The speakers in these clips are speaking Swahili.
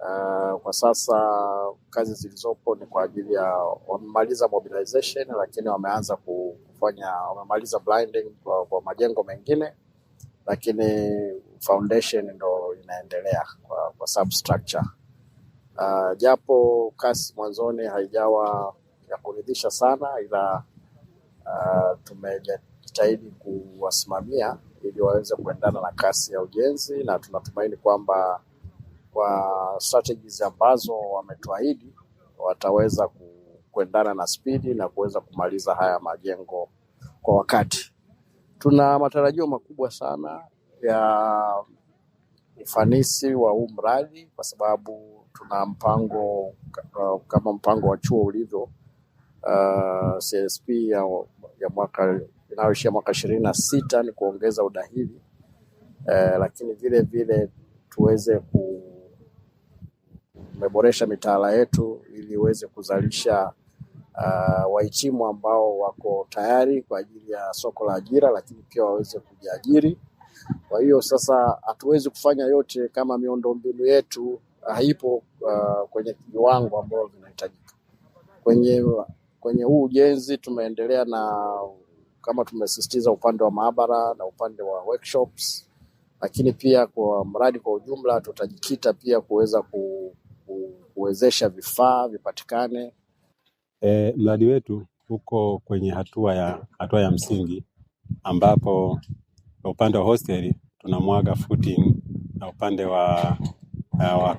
Uh, kwa sasa kazi zilizopo ni kwa ajili ya wamemaliza mobilization, lakini wameanza kufanya wamemaliza blinding kwa, kwa majengo mengine, lakini foundation ndo inaendelea kwa, kwa substructure. Uh, japo kasi mwanzoni haijawa ya kuridhisha sana, ila uh, tumejitahidi kuwasimamia ili waweze kuendana na kasi ya ujenzi na tunatumaini kwamba kwa strategies ambazo wametuahidi wataweza kuendana na spidi na kuweza kumaliza haya majengo kwa wakati. Tuna matarajio makubwa sana ya ufanisi wa huu mradi kwa sababu tuna mpango uh, kama mpango wa chuo ulivyo uh, CSP ya, ya mwaka inayoishia mwaka ishirini na sita ni kuongeza udahili uh, lakini vile vile tuweze ku tumeboresha mitaala yetu ili iweze kuzalisha uh, wahitimu ambao wako tayari kwa ajili ya soko la ajira, lakini pia waweze kujiajiri. Kwa hiyo sasa hatuwezi kufanya yote kama miundombinu yetu haipo uh, kwenye viwango ambavyo vinahitajika. Kwenye kwenye huu ujenzi tumeendelea na kama tumesisitiza upande wa maabara na upande wa workshops, lakini pia kwa mradi kwa ujumla tutajikita pia kuweza kuwezesha vifaa vipatikane. E, mradi wetu uko kwenye hatua ya, hatua ya msingi ambapo upande wa hosteli tunamwaga footing na upande wa, uh, wa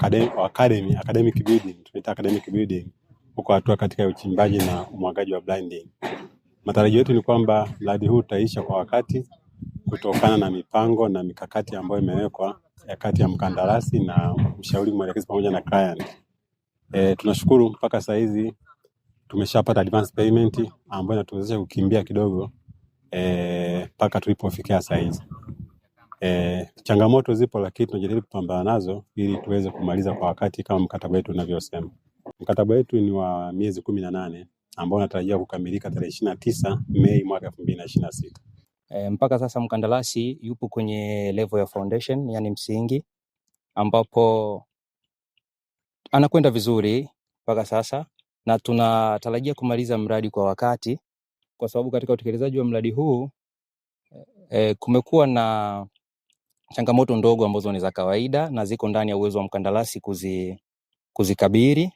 academy, academic building tunaita academic building uko hatua katika uchimbaji na umwagaji wa blinding. Matarajio yetu ni kwamba mradi huu utaisha kwa wakati kutokana na mipango na mikakati ambayo imewekwa ya eh, kati ya mkandarasi na mshauri mwelekezi pamoja na client. E, tunashukuru mpaka sasa hizi tumeshapata advance payment ambayo inatuwezesha kukimbia kidogo eh, mpaka e, tulipofikia sasa hizi. E, changamoto zipo lakini tunajaribu kupambana nazo ili tuweze kumaliza kwa wakati kama mkataba wetu unavyosema. Mkataba wetu ni wa miezi kumi na nane ambao unatarajiwa kukamilika tarehe ishirini na tisa Mei mwaka elfu mbili na ishirini na sita. E, mpaka sasa mkandarasi yupo kwenye level ya foundation, yani msingi, ambapo anakwenda vizuri mpaka sasa, na tunatarajia kumaliza mradi kwa wakati, kwa sababu katika utekelezaji wa mradi huu e, kumekuwa na changamoto ndogo ambazo ni za kawaida na ziko ndani ya uwezo wa mkandarasi kuzi, kuzikabiri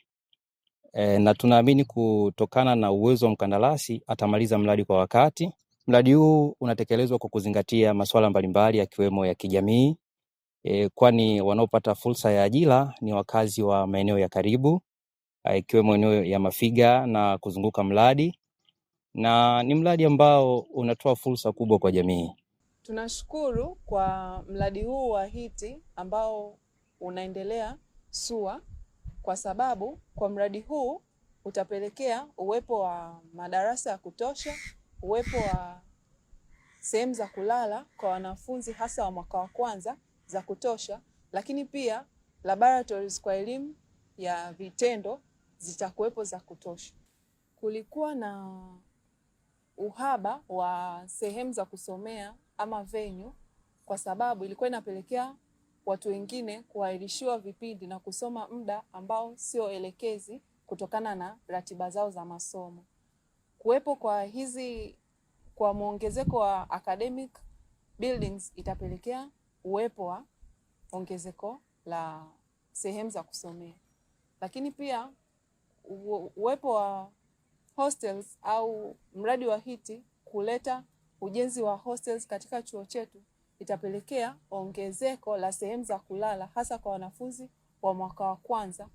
e, na tunaamini kutokana na uwezo wa mkandarasi atamaliza mradi kwa wakati Mradi huu unatekelezwa kwa kuzingatia masuala mbalimbali yakiwemo ya kijamii e, kwani wanaopata fursa ya ajira ni wakazi wa maeneo ya karibu ikiwemo eneo ya Mafiga na kuzunguka mradi, na ni mradi ambao unatoa fursa kubwa kwa jamii. Tunashukuru kwa mradi huu wa hiti ambao unaendelea SUA, kwa sababu kwa mradi huu utapelekea uwepo wa madarasa ya kutosha uwepo wa sehemu za kulala kwa wanafunzi hasa wa mwaka wa kwanza za kutosha, lakini pia laboratories kwa elimu ya vitendo zitakuwepo za kutosha. Kulikuwa na uhaba wa sehemu za kusomea ama venue, kwa sababu ilikuwa inapelekea watu wengine kuahirishiwa vipindi na kusoma muda ambao sio elekezi kutokana na ratiba zao za masomo kuwepo kwa hizi kwa mwongezeko wa academic buildings itapelekea uwepo wa ongezeko la sehemu za kusomea, lakini pia uwepo wa hostels au mradi wa hiti kuleta ujenzi wa hostels katika chuo chetu itapelekea ongezeko la sehemu za kulala hasa kwa wanafunzi wa mwaka wa kwanza.